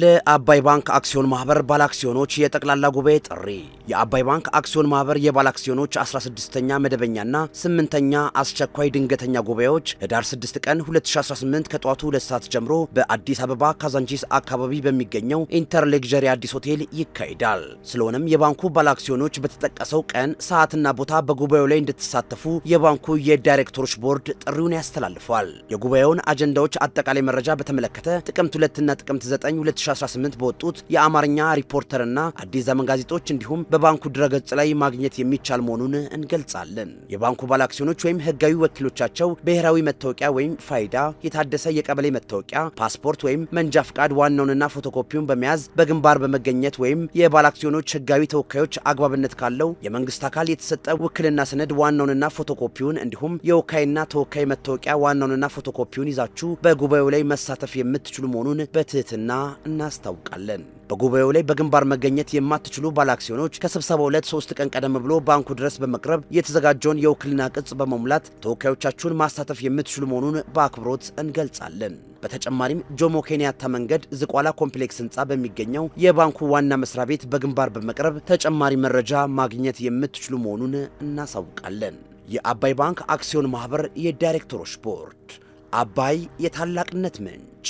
ለአባይ ባንክ አክሲዮን ማህበር ባለአክሲዮኖች የጠቅላላ ጉባኤ ጥሪ። የአባይ ባንክ አክሲዮን ማህበር የባለአክሲዮኖች 16ኛ መደበኛና 8ኛ አስቸኳይ ድንገተኛ ጉባኤዎች ህዳር 6 ቀን 2018 ከጠዋቱ 2 ሰዓት ጀምሮ በአዲስ አበባ ካዛንቺስ አካባቢ በሚገኘው ኢንተርሌግዠሪ አዲስ ሆቴል ይካሄዳል። ስለሆነም የባንኩ ባለአክሲዮኖች በተጠቀሰው ቀን፣ ሰዓትና ቦታ በጉባኤው ላይ እንድትሳተፉ የባንኩ የዳይሬክተሮች ቦርድ ጥሪውን ያስተላልፏል። የጉባኤውን አጀንዳዎች አጠቃላይ መረጃ በተመለከተ ጥቅምት 2ና ጥቅምት 9 2018 በወጡት የአማርኛ ሪፖርተርና አዲስ ዘመን ጋዜጦች እንዲሁም በባንኩ ድረገጽ ላይ ማግኘት የሚቻል መሆኑን እንገልጻለን። የባንኩ ባለ አክሲዮኖች ወይም ህጋዊ ወኪሎቻቸው ብሔራዊ መታወቂያ ወይም ፋይዳ፣ የታደሰ የቀበሌ መታወቂያ፣ ፓስፖርት ወይም መንጃ ፍቃድ ዋናውንና ፎቶኮፒውን በመያዝ በግንባር በመገኘት ወይም የባለ አክሲዮኖች ህጋዊ ተወካዮች አግባብነት ካለው የመንግስት አካል የተሰጠ ውክልና ሰነድ ዋናውንና ፎቶኮፒውን እንዲሁም የወካይና ተወካይ መታወቂያ ዋናውንና ፎቶኮፒውን ይዛችሁ በጉባኤው ላይ መሳተፍ የምትችሉ መሆኑን በትህትና እናስታውቃለን። በጉባኤው ላይ በግንባር መገኘት የማትችሉ ባለአክሲዮኖች ከስብሰባው ዕለት ሶስት ቀን ቀደም ብሎ ባንኩ ድረስ በመቅረብ የተዘጋጀውን የውክልና ቅጽ በመሙላት ተወካዮቻችሁን ማሳተፍ የምትችሉ መሆኑን በአክብሮት እንገልጻለን። በተጨማሪም ጆሞ ኬንያታ መንገድ ዝቋላ ኮምፕሌክስ ህንፃ በሚገኘው የባንኩ ዋና መስሪያ ቤት በግንባር በመቅረብ ተጨማሪ መረጃ ማግኘት የምትችሉ መሆኑን እናሳውቃለን። የአባይ ባንክ አክሲዮን ማህበር የዳይሬክተሮች ቦርድ አባይ የታላቅነት ምንጭ